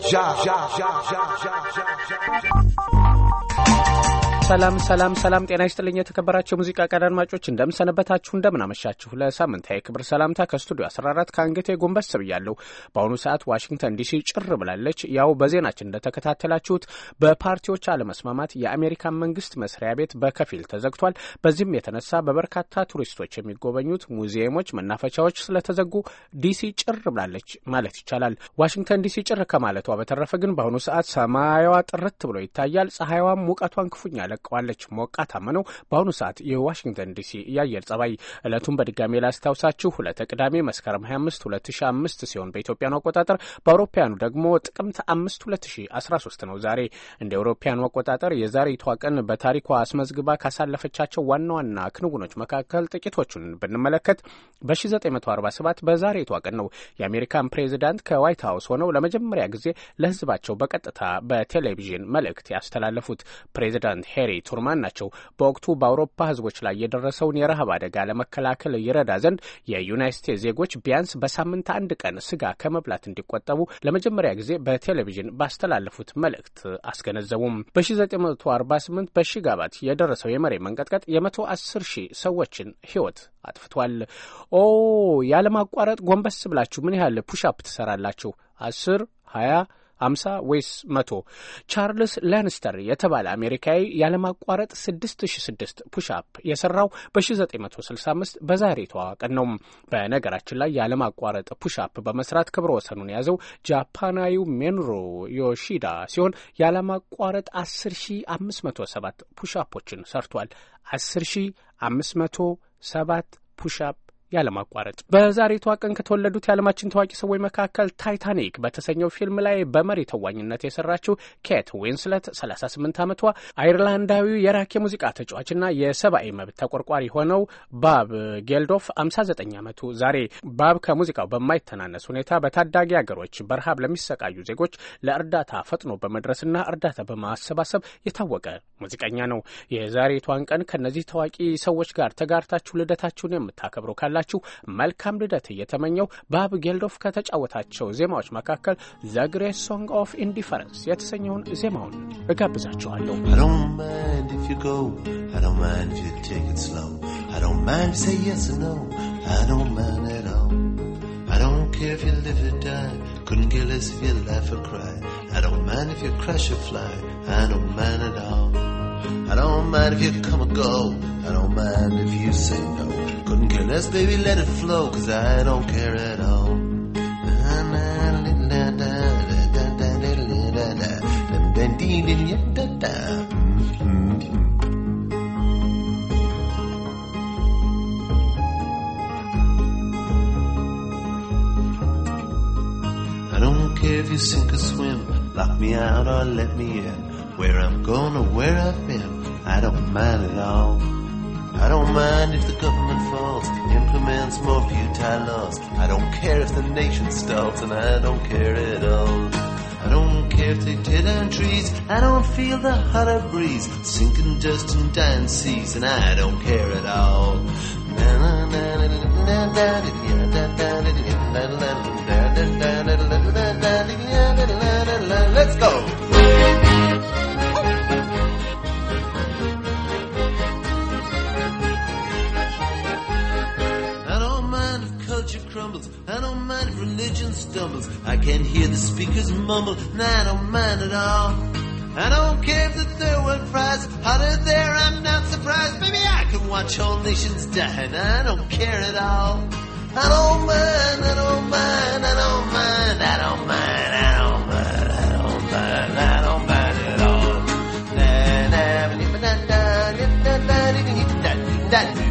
job. job, job, job, job, job, job, job. ሰላም ሰላም ሰላም፣ ጤና ይስጥልኝ የተከበራቸው የሙዚቃ ቀን አድማጮች፣ እንደምንሰነበታችሁ፣ እንደምናመሻችሁ። ለሳምንታዊ ክብር ሰላምታ ከስቱዲዮ 14 ከአንገቴ ጎንበስ ብያለሁ። በአሁኑ ሰዓት ዋሽንግተን ዲሲ ጭር ብላለች። ያው በዜናችን እንደተከታተላችሁት በፓርቲዎች አለመስማማት የአሜሪካን መንግስት መስሪያ ቤት በከፊል ተዘግቷል። በዚህም የተነሳ በበርካታ ቱሪስቶች የሚጎበኙት ሙዚየሞች፣ መናፈቻዎች ስለተዘጉ ዲሲ ጭር ብላለች ማለት ይቻላል። ዋሽንግተን ዲሲ ጭር ከማለቷ በተረፈ ግን በአሁኑ ሰዓት ሰማያዋ ጥርት ብሎ ይታያል። ፀሐይዋም ሙቀቷን ክፉኛ ትለቀዋለች። ሞቃታማ ነው። በአሁኑ ሰዓት የዋሽንግተን ዲሲ የአየር ጸባይ እለቱን በድጋሜ ላስታውሳችሁ ሁለት ቅዳሜ መስከረም 25 2005 ሲሆን በኢትዮጵያኑ አቆጣጠር በአውሮፓያኑ ደግሞ ጥቅምት 5 2013 ነው። ዛሬ እንደ አውሮፓያኑ አቆጣጠር የዛሬቷ ቀን በታሪኳ አስመዝግባ ካሳለፈቻቸው ዋና ዋና ክንውኖች መካከል ጥቂቶቹን ብንመለከት በ1947 በዛሬቷ ቀን ነው የአሜሪካን ፕሬዚዳንት ከዋይት ሀውስ ሆነው ለመጀመሪያ ጊዜ ለህዝባቸው በቀጥታ በቴሌቪዥን መልእክት ያስተላለፉት ፕሬዚዳንት ሄ ሄሪ ቱርማን ናቸው። በወቅቱ በአውሮፓ ህዝቦች ላይ የደረሰውን የረሃብ አደጋ ለመከላከል ይረዳ ዘንድ የዩናይት ስቴትስ ዜጎች ቢያንስ በሳምንት አንድ ቀን ስጋ ከመብላት እንዲቆጠቡ ለመጀመሪያ ጊዜ በቴሌቪዥን ባስተላለፉት መልእክት አስገነዘቡም። በ1948 በሺጋባት የደረሰው የመሬት መንቀጥቀጥ የ110 ሺህ ሰዎችን ህይወት አጥፍቷል። ኦ ያለማቋረጥ ጎንበስ ብላችሁ ምን ያህል ፑሻፕ ትሰራላችሁ? አስር ሀያ አምሳ ወይስ መቶ? ቻርልስ ላንስተር የተባለ አሜሪካዊ ያለማቋረጥ ስድስት ፑሽአፕ የሰራው በ1965 በዛሬ ተዋቀን ነው። በነገራችን ላይ ያለማቋረጥ ፑሽአፕ በመስራት ክብረ ወሰኑን የያዘው ጃፓናዊው ሜንሮ ዮሺዳ ሲሆን ያለማቋረጥ ሰባት ፑሻፖችን ሰርቷል። ሰባት ፑሻፕ ያለማቋረጥ በዛሬቷ ቀን ከተወለዱት የዓለማችን ታዋቂ ሰዎች መካከል ታይታኒክ በተሰኘው ፊልም ላይ በመሪ ተዋኝነት የሰራችው ኬት ዊንስለት 38 ዓመቷ አይርላንዳዊው የራክ የሙዚቃ ተጫዋችና የሰብአዊ መብት ተቆርቋሪ ሆነው ባብ ጌልዶፍ 59 ዓመቱ ዛሬ ባብ ከሙዚቃው በማይተናነስ ሁኔታ በታዳጊ አገሮች በረሃብ ለሚሰቃዩ ዜጎች ለእርዳታ ፈጥኖ በመድረስና እርዳታ በማሰባሰብ የታወቀ ሙዚቀኛ ነው። የዛሬቷን ቀን ከእነዚህ ታዋቂ ሰዎች ጋር ተጋርታችሁ ልደታችሁን የምታከብሩ ካላችሁ መልካም ልደት እየተመኘው በአብ ጌልዶፍ ከተጫወታቸው ዜማዎች መካከል ዘ ግሬት ሶንግ ኦፍ ኢንዲፈረንስ የተሰኘውን ዜማውን እጋብዛችኋለሁ። I don't care if you live or die. Couldn't care less if you laugh or cry. I don't mind if you crash or fly. I don't mind at all. I don't mind if you come or go. I don't mind if you say no. Couldn't care less, baby, let it flow. Cause I don't care at all. Da da da da da da da da da da da da da da if you sink or swim. Lock me out or let me in. Where I'm going or where I've been, I don't mind at all. I don't mind if the government falls, implements more futile laws. I don't care if the nation stalls, and I don't care at all. I don't care if they tear down trees, I don't feel the hotter breeze, sinking dust and dying seas, and I don't care at all. crumbles. I don't mind if religion stumbles. I can hear the speakers mumble, and I don't mind at all. I don't care if the third world prize hotter there, I'm not surprised. Maybe I can watch whole nations die, and I don't care at all. I don't mind, I don't mind, I don't mind, I don't mind, I don't mind, I don't mind, I don't mind at all. Na na na na na na na na na na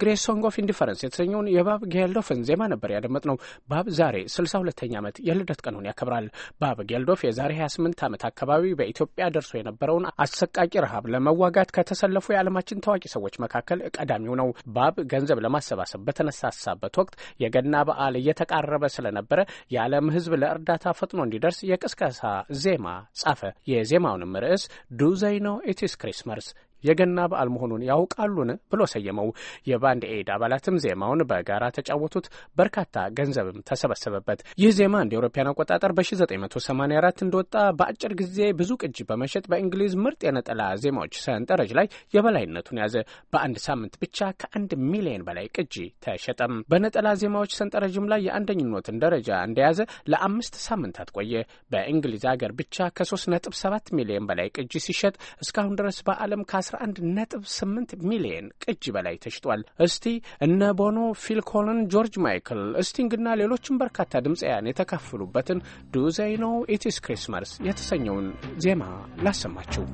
ግሬስ ሶንግ ኦፍ ኢንዲፈረንስ የተሰኘውን የባብ ጌልዶፍን ዜማ ነበር ያደመጥነው። ባብ ዛሬ 62ኛ ዓመት የልደት ቀኑን ያከብራል። ባብ ጌልዶፍ የዛሬ 28 ዓመት አካባቢ በኢትዮጵያ ደርሶ የነበረውን አሰቃቂ ረሃብ ለመዋጋት ከተሰለፉ የዓለማችን ታዋቂ ሰዎች መካከል ቀዳሚው ነው። ባብ ገንዘብ ለማሰባሰብ በተነሳሳበት ወቅት የገና በዓል እየተቃረበ ስለነበረ የዓለም ሕዝብ ለእርዳታ ፈጥኖ እንዲደርስ የቅስቀሳ ዜማ ጻፈ። የዜማውንም ርዕስ ዱ ዘይ ኖ ኢትስ ክሪስመርስ የገና በዓል መሆኑን ያውቃሉን ብሎ ሰየመው። የባንድ ኤድ አባላትም ዜማውን በጋራ ተጫወቱት። በርካታ ገንዘብም ተሰበሰበበት። ይህ ዜማ እንደ አውሮፓውያን አቆጣጠር በ1984 እንደወጣ በአጭር ጊዜ ብዙ ቅጂ በመሸጥ በእንግሊዝ ምርጥ የነጠላ ዜማዎች ሰንጠረዥ ላይ የበላይነቱን ያዘ። በአንድ ሳምንት ብቻ ከአንድ ሚሊዮን በላይ ቅጂ ተሸጠም። በነጠላ ዜማዎች ሰንጠረዥም ላይ የአንደኝነትን ደረጃ እንደያዘ ለአምስት ሳምንታት ቆየ። በእንግሊዝ ሀገር ብቻ ከ3.7 ሚሊዮን በላይ ቅጂ ሲሸጥ እስካሁን ድረስ በዓለም ከ ከ11.8 ሚሊየን ቅጅ በላይ ተሽጧል። እስቲ እነ ቦኖ፣ ፊል ኮለን፣ ጆርጅ ማይክል እስቲንግና ሌሎችም በርካታ ድምፀያን የተካፈሉበትን ዱ ዘይ ኢትስ ክሪስማስ የተሰኘውን ዜማ ላሰማችው።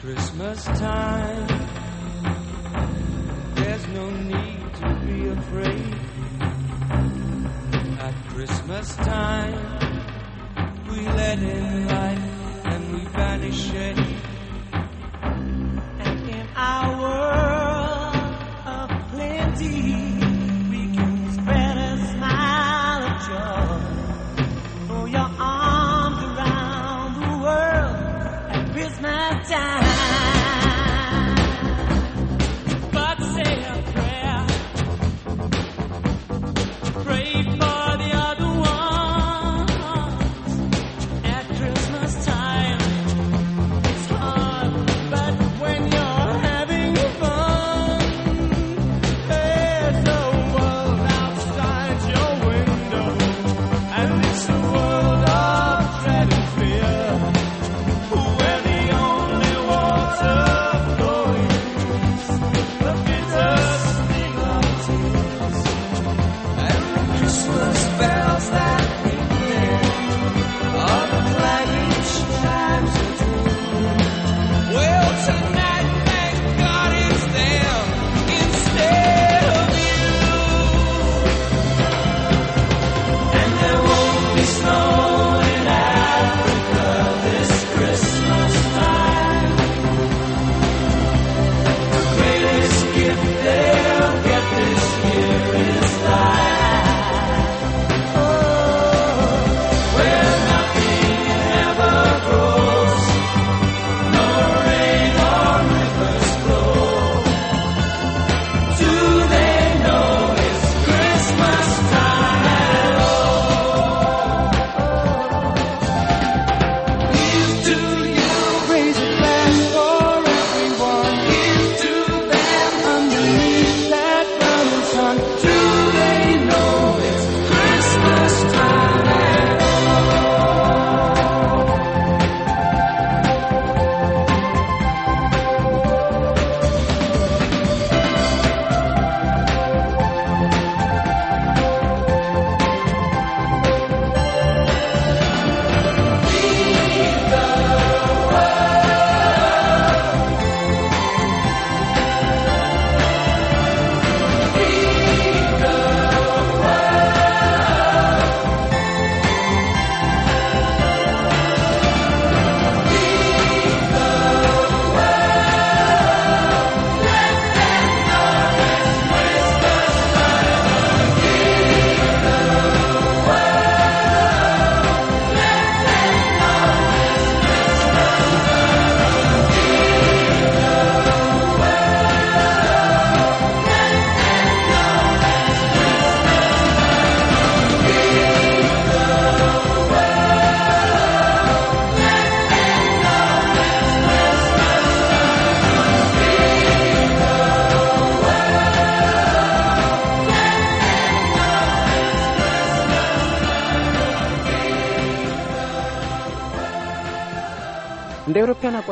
Christmas time. There's no need to be afraid. At Christmas time, we let in light and we banish it.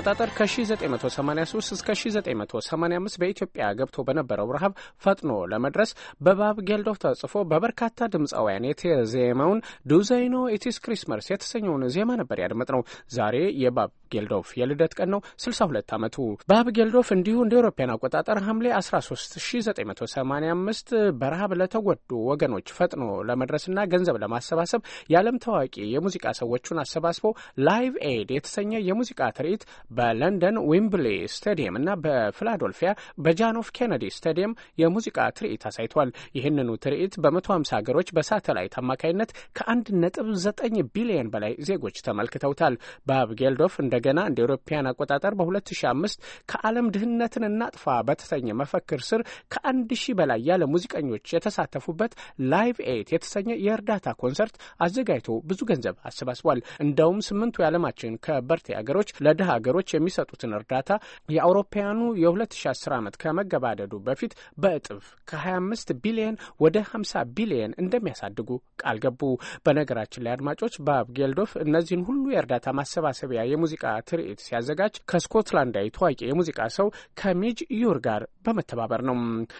አቆጣጠር ከ1983 እስከ 1985 በኢትዮጵያ ገብቶ በነበረው ረሃብ ፈጥኖ ለመድረስ በባብ ጌልዶፍ ተጽፎ በበርካታ ድምፃውያን የተዜመውን ዱዘይኖ ኢቲስ ክሪስመርስ የተሰኘውን ዜማ ነበር ያድመጥ ነው። ዛሬ የባብ ጌልዶፍ የልደት ቀን ነው፣ 62 ዓመቱ ባብ ጌልዶፍ እንዲሁ እንደ ኤሮፓያን አቆጣጠር ሐምሌ 13 1985 በረሃብ ለተጎዱ ወገኖች ፈጥኖ ለመድረስና ገንዘብ ለማሰባሰብ የዓለም ታዋቂ የሙዚቃ ሰዎቹን አሰባስበው ላይቭ ኤድ የተሰኘ የሙዚቃ ትርኢት በለንደን ዊምብሌ ስታዲየም እና በፊላዶልፊያ በጃን ኬነዲ ስታዲየም የሙዚቃ ትርኢት አሳይቷል። ይህንኑ ትርኢት 5 150 ሀገሮች በሳተላይት አማካይነት ከ ዘጠኝ ቢሊዮን በላይ ዜጎች ተመልክተውታል። ባብ ጌልዶፍ እንደገና እንደ ኤውሮፓያን አቆጣጠር በ2005 ከዓለም ድህነትን እናጥፋ በተሰኘ መፈክር ስር ከአንድ ሺህ በላይ ያለ ሙዚቀኞች የተሳተፉበት ላይቭ ኤት የተሰኘ የእርዳታ ኮንሰርት አዘጋጅቶ ብዙ ገንዘብ አሰባስቧል። እንደውም ስምንቱ የዓለማችን ከበርቴ ሀገሮች ለድሃ ሀገሮች ሀገሮች የሚሰጡትን እርዳታ የአውሮፓውያኑ የ2010 ዓመት ከመገባደዱ በፊት በእጥፍ ከ25 ቢሊየን ወደ 50 ቢሊየን እንደሚያሳድጉ ቃል ገቡ። በነገራችን ላይ አድማጮች ባብ ጌልዶፍ እነዚህን ሁሉ የእርዳታ ማሰባሰቢያ የሙዚቃ ትርኢት ሲያዘጋጅ ከስኮትላንዳዊ ታዋቂ የሙዚቃ ሰው ከሚጅ ዩር ጋር በመተባበር ነው።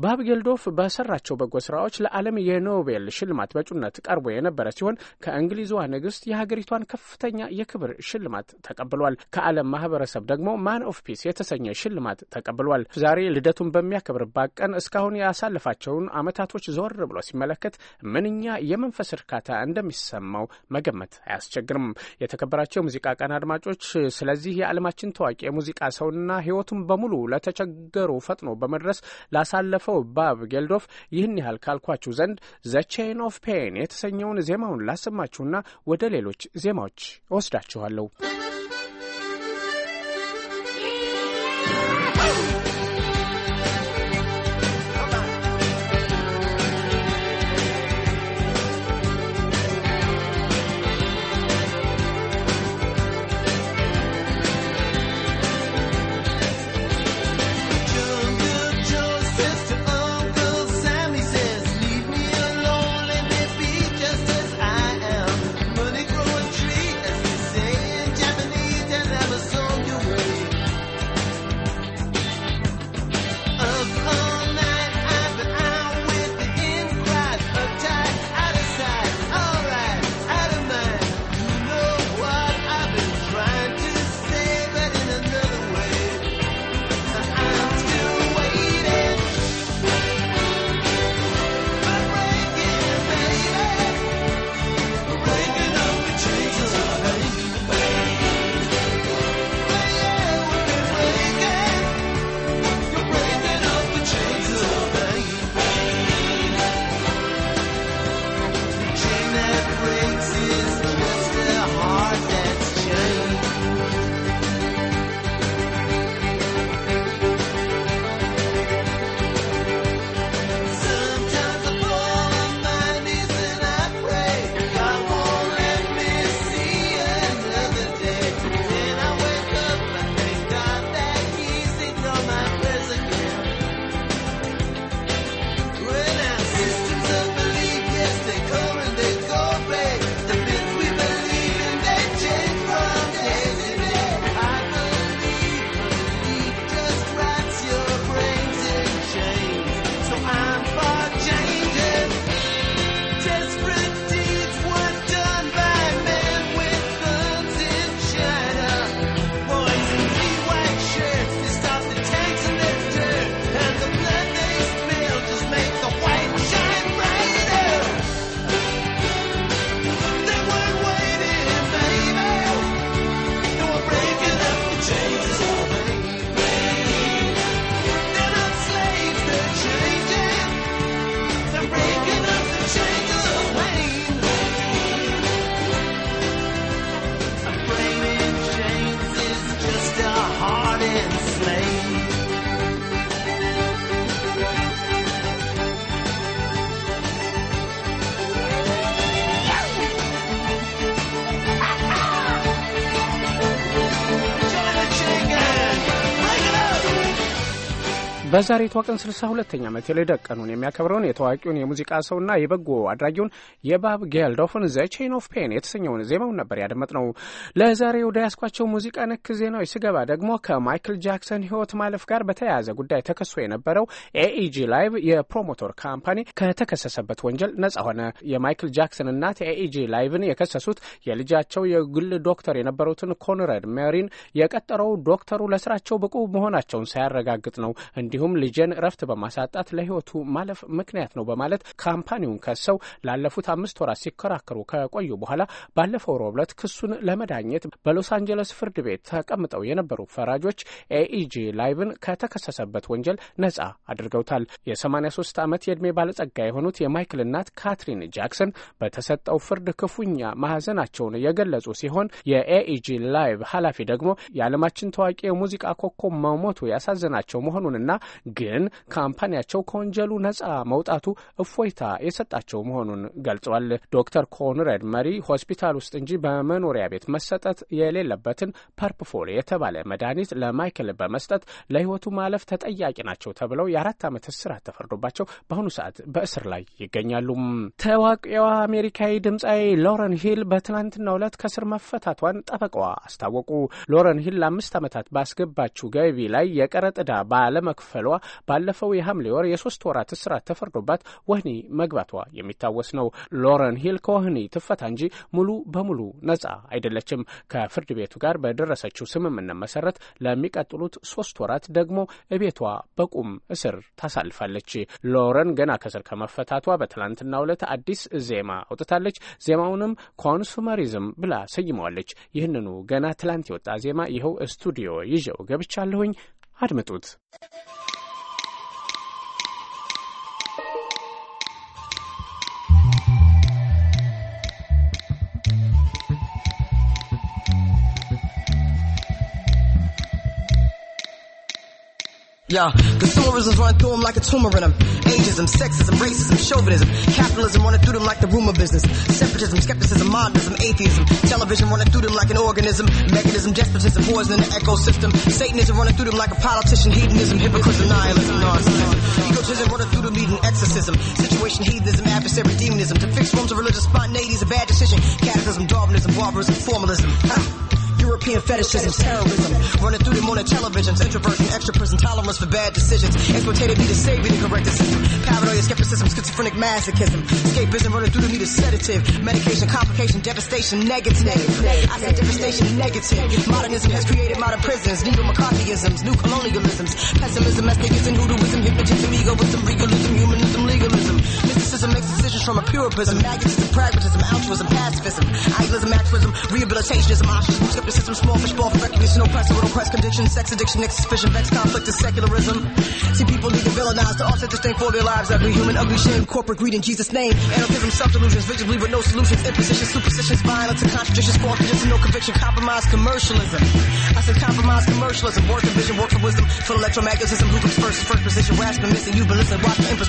ባብ ጌልዶፍ በሰራቸው በጎ ስራዎች ለዓለም የኖቤል ሽልማት በእጩነት ቀርቦ የነበረ ሲሆን ከእንግሊዟ ንግስት የሀገሪቷን ከፍተኛ የክብር ሽልማት ተቀብሏል። ከዓለም ማህበረሰብ ግለሰብ ደግሞ ማን ኦፍ ፒስ የተሰኘ ሽልማት ተቀብሏል። ዛሬ ልደቱን በሚያከብርባት ቀን እስካሁን ያሳለፋቸውን አመታቶች ዞር ብሎ ሲመለከት ምንኛ የመንፈስ እርካታ እንደሚሰማው መገመት አያስቸግርም። የተከበራቸው የሙዚቃ ቀን አድማጮች፣ ስለዚህ የዓለማችን ታዋቂ የሙዚቃ ሰውና ህይወቱን በሙሉ ለተቸገሩ ፈጥኖ በመድረስ ላሳለፈው ባብ ጌልዶፍ ይህን ያህል ካልኳችሁ ዘንድ ዘ ቼን ኦፍ ፔን የተሰኘውን ዜማውን ላሰማችሁና ወደ ሌሎች ዜማዎች ወስዳችኋለሁ። በዛሬቷ ቀን ስልሳ ሁለተኛ ዓመት የልደት ቀኑን የሚያከብረውን የታዋቂውን የሙዚቃ ሰውና የበጎ አድራጊውን የባብ ጌልዶፍን ዘ ቼን ኦፍ ፔን የተሰኘውን ዜማውን ነበር ያደመጥ ነው። ለዛሬ ወደ ያስኳቸው ሙዚቃ ነክ ዜናዎች ስገባ ደግሞ ከማይክል ጃክሰን ሕይወት ማለፍ ጋር በተያያዘ ጉዳይ ተከሶ የነበረው ኤኢጂ ላይቭ የፕሮሞተር ካምፓኒ ከተከሰሰበት ወንጀል ነጻ ሆነ። የማይክል ጃክሰን እናት ኤኢጂ ላይቭን የከሰሱት የልጃቸው የግል ዶክተር የነበሩትን ኮንረድ ሜሪን የቀጠረው ዶክተሩ ለስራቸው ብቁ መሆናቸውን ሳያረጋግጥ ነው እንዲሁም እንዲሁም ልጄን እረፍት በማሳጣት ለህይወቱ ማለፍ ምክንያት ነው በማለት ካምፓኒውን ከሰው ላለፉት አምስት ወራት ሲከራከሩ ከቆዩ በኋላ ባለፈው ረቡዕ ዕለት ክሱን ለመዳኘት በሎስ አንጀለስ ፍርድ ቤት ተቀምጠው የነበሩ ፈራጆች ኤኢጂ ላይቭን ከተከሰሰበት ወንጀል ነጻ አድርገውታል። የ83 ዓመት የዕድሜ ባለጸጋ የሆኑት የማይክል እናት ካትሪን ጃክሰን በተሰጠው ፍርድ ክፉኛ ማዘናቸውን የገለጹ ሲሆን የኤኢጂ ላይቭ ኃላፊ ደግሞ የዓለማችን ታዋቂ የሙዚቃ ኮከብ መሞቱ ያሳዘናቸው መሆኑንና ግን ካምፓኒያቸው ከወንጀሉ ነጻ መውጣቱ እፎይታ የሰጣቸው መሆኑን ገልጿል። ዶክተር ኮንረድ መሪ ሆስፒታል ውስጥ እንጂ በመኖሪያ ቤት መሰጠት የሌለበትን ፐርፕፎል የተባለ መድኃኒት ለማይክል በመስጠት ለህይወቱ ማለፍ ተጠያቂ ናቸው ተብለው የአራት ዓመት እስራት ተፈርዶባቸው በአሁኑ ሰዓት በእስር ላይ ይገኛሉ። ታዋቂዋ አሜሪካዊ ድምፃዊ ሎረን ሂል በትናንትናው ዕለት ከስር መፈታቷን ጠበቃዋ አስታወቁ። ሎረን ሂል ለአምስት ዓመታት ባስገባችው ገቢ ላይ የቀረጥ ዕዳ ባለመክፈሏ በመግደሏ ባለፈው የሐምሌ ወር የሶስት ወራት እስራት ተፈርዶባት ወህኒ መግባቷ የሚታወስ ነው። ሎረን ሂል ከወህኒ ትፈታ እንጂ ሙሉ በሙሉ ነጻ አይደለችም። ከፍርድ ቤቱ ጋር በደረሰችው ስምምነት መሰረት ለሚቀጥሉት ሶስት ወራት ደግሞ እቤቷ በቁም እስር ታሳልፋለች። ሎረን ገና ከስር ከመፈታቷ በትላንትናው ዕለት አዲስ ዜማ አውጥታለች። ዜማውንም ኮንሱመሪዝም ብላ ሰይመዋለች። ይህንኑ ገና ትላንት የወጣ ዜማ ይኸው ስቱዲዮ ይዤው ገብቻለሁኝ። አድምጡት። Yeah, consumerism's running through them like a tumor in them. Ageism, sexism, racism, chauvinism. Capitalism running through them like the rumor business. Separatism, skepticism, modernism, atheism. Television running through them like an organism. Mechanism, despotism, poison in the ecosystem. Satanism running through them like a politician. Hedonism, hypocrisy, nihilism, narcissism. Egotism running through them leading exorcism. Situation, heathenism, adversary, demonism. To fix forms of religious spontaneity is a bad decision. Catechism, Darwinism, barbarism, formalism. European fetishism, terrorism. Running through the morning televisions. Introverts and extroverts, intolerance for bad decisions. exploited me to save me the correct decision. Paranoia, skepticism, schizophrenic masochism. Escapism running through the need a sedative. Medication, complication, devastation, negative. I said devastation, negative. Modernism has created modern prisons. Neo McCarthyisms, new colonialisms. Pessimism, mysticism, hoodooism, hypnotism, egoism, legalism, humanism, legalism. Mysticism makes decisions from a purism, magnetism, pragmatism, altruism, pacifism, idealism, activism, rehabilitation is an option. Skepticism, small fish, ball, recognition, oppressive, oppressed condition, sex addiction, next suspicion, vex, conflict, secularism. See people to villainize to offset this thing for their lives. Every human, ugly shame, corporate greed in Jesus' name. Anarchism, self delusions, rigid belief with no solutions, impositions, superstitions, violence, and contradictions, false conditions, no conviction, compromise, commercialism. I said compromise, commercialism, work for vision, work for wisdom, for electromagnetism, who first, first position, rasp missing, you've been listening, watching, the empress,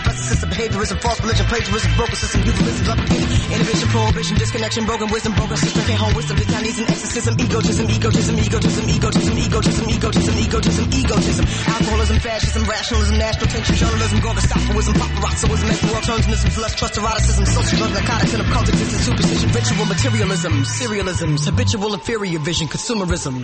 behaviorism, false religion, plagiarism, broken system, you've been listening, innovation, prohibition, disconnection, broken wisdom, broken system. Drinking home with some bitch, I need some exorcism. Egotism, egotism, egotism, egotism, egotism, egotism, egotism, egotism. Alcoholism, fascism, rationalism, national tension, journalism, Gorgasophoism, paparazzoism, exploratonism, lust, trust, eroticism, social narcotics, and occultism, superstition, ritual, materialism, Serialisms. habitual inferior vision, consumerism.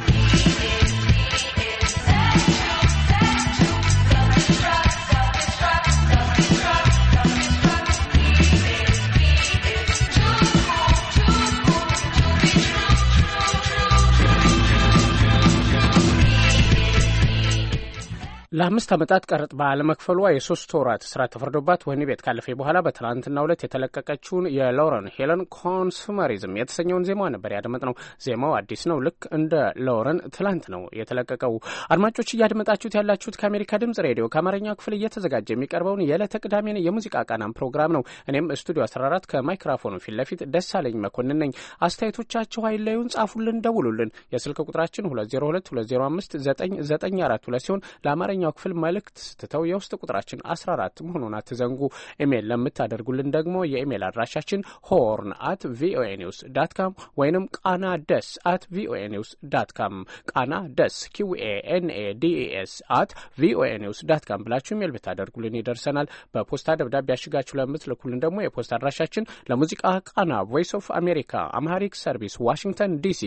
ለአምስት ዓመታት ቀረጥ ባለመክፈሏ የሶስት ወራት እስራት ተፈርዶባት ወህኒ ቤት ካለፈ በኋላ በትናንትናው ዕለት የተለቀቀችውን የሎረን ሄለን ኮንሱመሪዝም የተሰኘውን ዜማ ነበር ያደመጥነው። ዜማው አዲስ ነው፣ ልክ እንደ ሎረን ትላንት ነው የተለቀቀው። አድማጮች እያደመጣችሁት ያላችሁት ከአሜሪካ ድምጽ ሬዲዮ ከአማርኛ ክፍል እየተዘጋጀ የሚቀርበውን የዕለተ ቅዳሜን የሙዚቃ ቃናም ፕሮግራም ነው። እኔም ስቱዲዮ 14 ከማይክሮፎኑ ፊት ለፊት ደሳለኝ መኮንን ነኝ። አስተያየቶቻችሁ አይለዩን፣ ጻፉልን፣ ደውሉልን። የስልክ ቁጥራችን 2022059942 ሲሆን ለአማርኛ የታችኛው ክፍል መልእክት ስትተው የውስጥ ቁጥራችን 14 መሆኑን አትዘንጉ። ኢሜይል ለምታደርጉልን ደግሞ የኢሜይል አድራሻችን ሆርን አት ቪኦኤ ኒውስ ዳት ካም ወይንም ቃና ደስ አት ቪኦኤ ኒውስ ዳት ካም ቃና ደስ ኪውኤ ኤንኤ ዲኤስ አት ቪኦኤ ኒውስ ዳት ካም ብላችሁ ኢሜይል ብታደርጉልን ይደርሰናል። በፖስታ ደብዳቤ ያሽጋችሁ ለምትልኩልን ደግሞ የፖስታ አድራሻችን ለሙዚቃ ቃና ቮይስ ኦፍ አሜሪካ አምሃሪክ ሰርቪስ ዋሽንግተን ዲሲ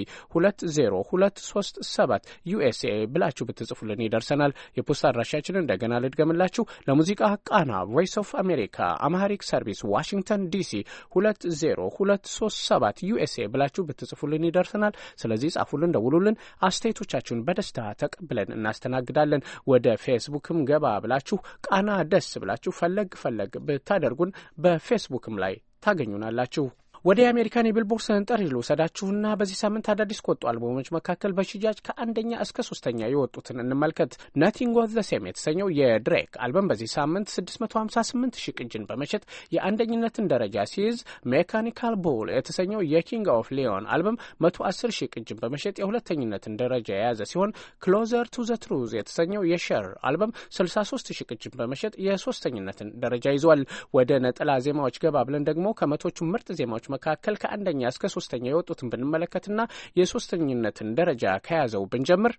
ሰባት ዩኤስኤ ብላችሁ ብትጽፉልን ይደርሰናል። የፖስታ አድራሻችን እንደገና ልድገምላችሁ። ለሙዚቃ ቃና ቮይስ ኦፍ አሜሪካ አማሃሪክ ሰርቪስ ዋሽንግተን ዲሲ 20237 ዩኤስኤ ብላችሁ ብትጽፉልን ይደርሰናል። ስለዚህ ጻፉልን፣ ደውሉልን። አስተያየቶቻችሁን በደስታ ተቀብለን እናስተናግዳለን። ወደ ፌስቡክም ገባ ብላችሁ ቃና ደስ ብላችሁ ፈለግ ፈለግ ብታደርጉን በፌስቡክም ላይ ታገኙናላችሁ። ወደ የአሜሪካን የቢልቦርድ ሰንጠረዥ ልውሰዳችሁና በዚህ ሳምንት አዳዲስ ከወጡ አልበሞች መካከል በሽያጭ ከአንደኛ እስከ ሶስተኛ የወጡትን እንመልከት። ነቲንግ ዘ ሴም የተሰኘው የድሬክ አልበም በዚህ ሳምንት 658 ሺህ ቅጅን በመሸጥ የአንደኝነትን ደረጃ ሲይዝ፣ ሜካኒካል ቦል የተሰኘው የኪንግ ኦፍ ሊዮን አልበም 110 ሺህ ቅጅን በመሸጥ የሁለተኝነትን ደረጃ የያዘ ሲሆን ክሎዘር ቱ ዘ ትሩዝ የተሰኘው የሸር አልበም 63 ሺህ ቅጅን በመሸጥ የሶስተኝነትን ደረጃ ይዟል። ወደ ነጠላ ዜማዎች ገባ ብለን ደግሞ ከመቶቹ ምርጥ ዜማዎች መካከል ከአንደኛ እስከ ሶስተኛ የወጡትን ብንመለከትና የሶስተኝነትን ደረጃ ከያዘው ብንጀምር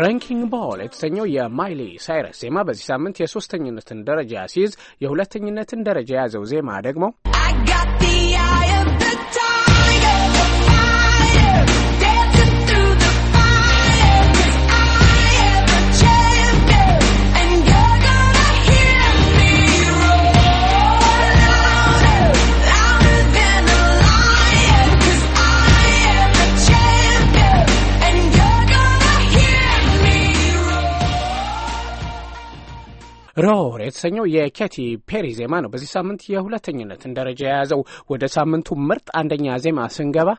ራንኪንግ ባል የተሰኘው የማይሊ ሳይረስ ዜማ በዚህ ሳምንት የሶስተኝነትን ደረጃ ሲይዝ የሁለተኝነትን ደረጃ የያዘው ዜማ ደግሞ ሮር የተሰኘው የኬቲ ፔሪ ዜማ ነው በዚህ ሳምንት የሁለተኝነትን ደረጃ የያዘው። ወደ ሳምንቱ ምርጥ አንደኛ ዜማ ስንገባ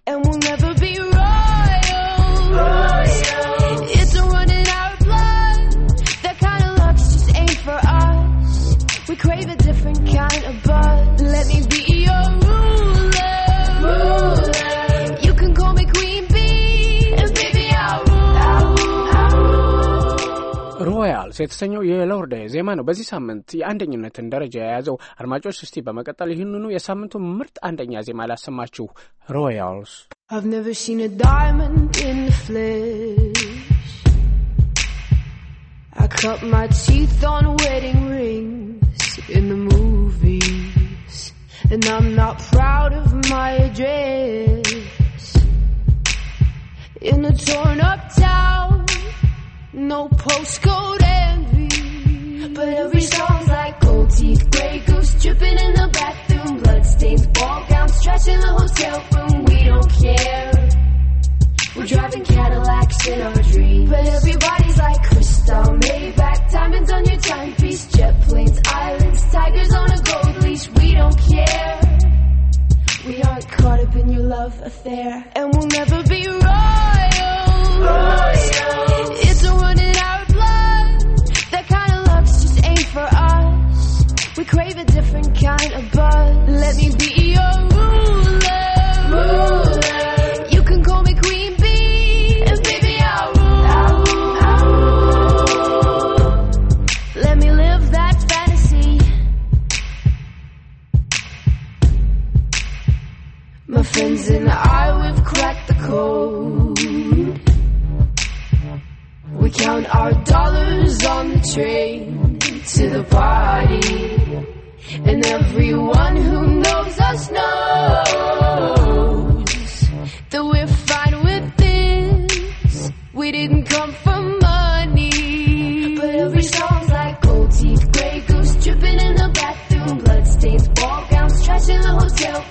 We crave a different kind of buzz. ሮያልስ የተሰኘው የሎርደ ዜማ ነው በዚህ ሳምንት የአንደኝነትን ደረጃ የያዘው። አድማጮች፣ እስቲ በመቀጠል ይህንኑ የሳምንቱ ምርጥ አንደኛ ዜማ ላሰማችሁ። ሮያልስ I've never seen a diamond in the flesh. I cut my teeth on wedding rings in the movies. And I'm not proud of my address. In a torn up town no postcode envy. But every song's like gold teeth, gray goose dripping in the bathroom, bloodstains, ball gowns, trash in the hotel room. We don't care. We're driving Cadillacs in our dreams. But everybody's like crystal, Maybach, diamonds on your timepiece, jet planes, islands, tigers on a gold leash. We don't care. We aren't caught up in your love affair, and we'll never be royal. Royal. The one in our blood. That kind of luck's just ain't for us. We crave a different kind of buzz. Let me be your ruler. ruler. You can call me Queen Bee. And baby, I'll rule. I'll I'll rule. Let me live that fantasy. My friends and I, we've cracked the code count our dollars on the train to the party. And everyone who knows us knows that we're fine with this. We didn't come for money. But every song's like gold teeth, gray goose dripping in the bathroom, bloodstains, ball gowns, trash in the hotel.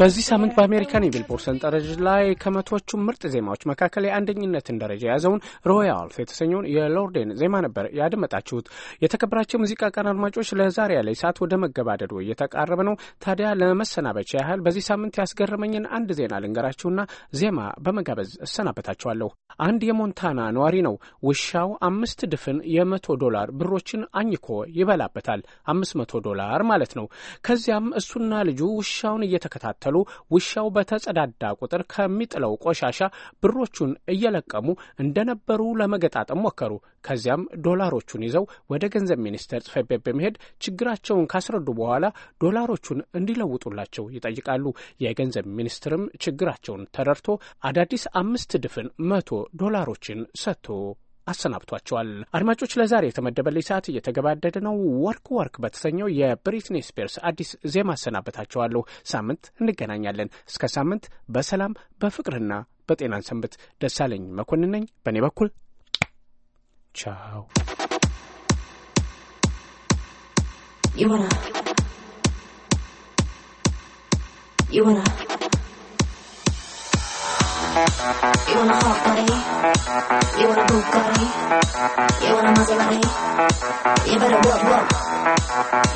በዚህ ሳምንት በአሜሪካን የቢልቦርድ ሰንጠረዥ ላይ ከመቶዎቹ ምርጥ ዜማዎች መካከል የአንደኝነትን ደረጃ የያዘውን ሮያልፍ የተሰኘውን የሎርዴን ዜማ ነበር ያደመጣችሁት። የተከበራቸው ሙዚቃ ቀን አድማጮች፣ ለዛሬ ያለ ሰዓት ወደ መገባደዱ እየተቃረበ ነው። ታዲያ ለመሰናበቻ ያህል በዚህ ሳምንት ያስገረመኝን አንድ ዜና ልንገራችሁና ዜማ በመጋበዝ እሰናበታችኋለሁ። አንድ የሞንታና ነዋሪ ነው። ውሻው አምስት ድፍን የመቶ ዶላር ብሮችን አኝኮ ይበላበታል። አምስት መቶ ዶላር ማለት ነው። ከዚያም እሱና ልጁ ውሻውን እየተከታተሉ እየተከታተሉ ውሻው በተጸዳዳ ቁጥር ከሚጥለው ቆሻሻ ብሮቹን እየለቀሙ እንደነበሩ ለመገጣጠም ሞከሩ። ከዚያም ዶላሮቹን ይዘው ወደ ገንዘብ ሚኒስቴር ጽፈት ቤት በመሄድ ችግራቸውን ካስረዱ በኋላ ዶላሮቹን እንዲለውጡላቸው ይጠይቃሉ። የገንዘብ ሚኒስትርም ችግራቸውን ተረድቶ አዳዲስ አምስት ድፍን መቶ ዶላሮችን ሰጥቶ አሰናብቷቸዋል። አድማጮች፣ ለዛሬ የተመደበልኝ ሰዓት እየተገባደደ ነው። ወርክ ወርክ በተሰኘው የብሪትኒ ስፔርስ አዲስ ዜማ አሰናበታቸዋለሁ። ሳምንት እንገናኛለን። እስከ ሳምንት በሰላም በፍቅርና በጤናን ሰንብት። ደሳለኝ መኮንን ነኝ። በእኔ በኩል ቻው። You wanna, you wanna You wanna fuck, buddy? You wanna Bugatti? You wanna Maserati? You better work, work.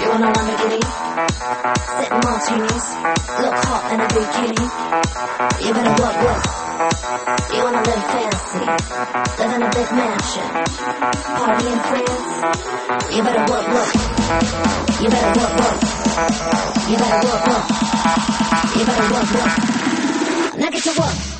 You wanna Lamborghini? Sip martinis, look hot in a bikini. You better work, work. You wanna live fancy, live in a big mansion, party in France. You better work, work. You better work, work. You better work, work. You better work, work. Now get to work.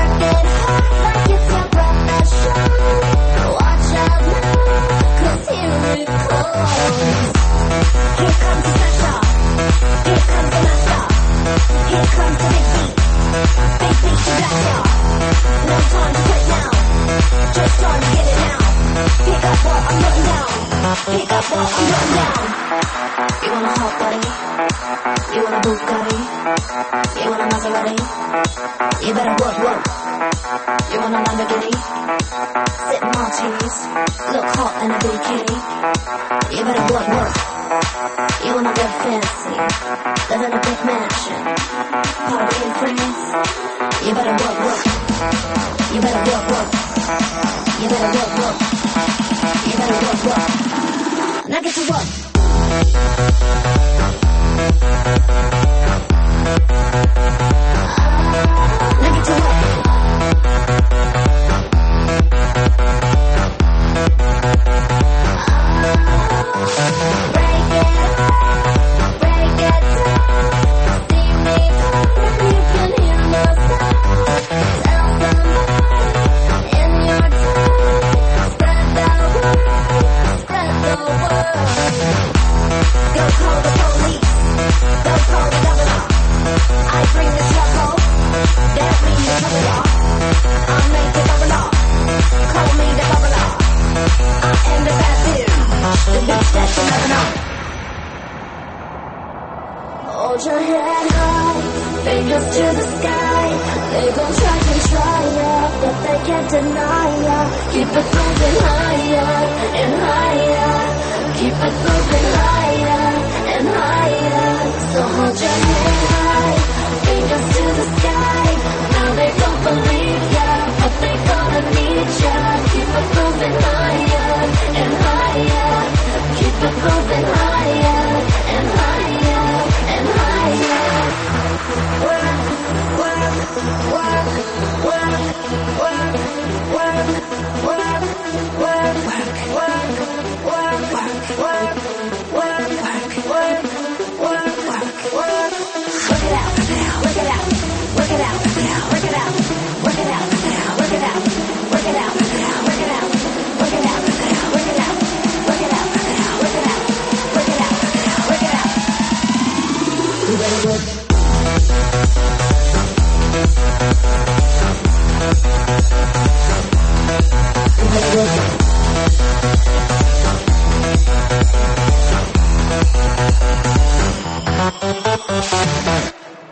You want a Maserati? You better work, work. You want a Lamborghini? Sip martinis, look hot in a bikini. You better work, work. You wanna get fancy, live in a big mansion, party in France. You better work, work. You better work, work. You better work, work. You better work, work. Now get to work. Let me at you.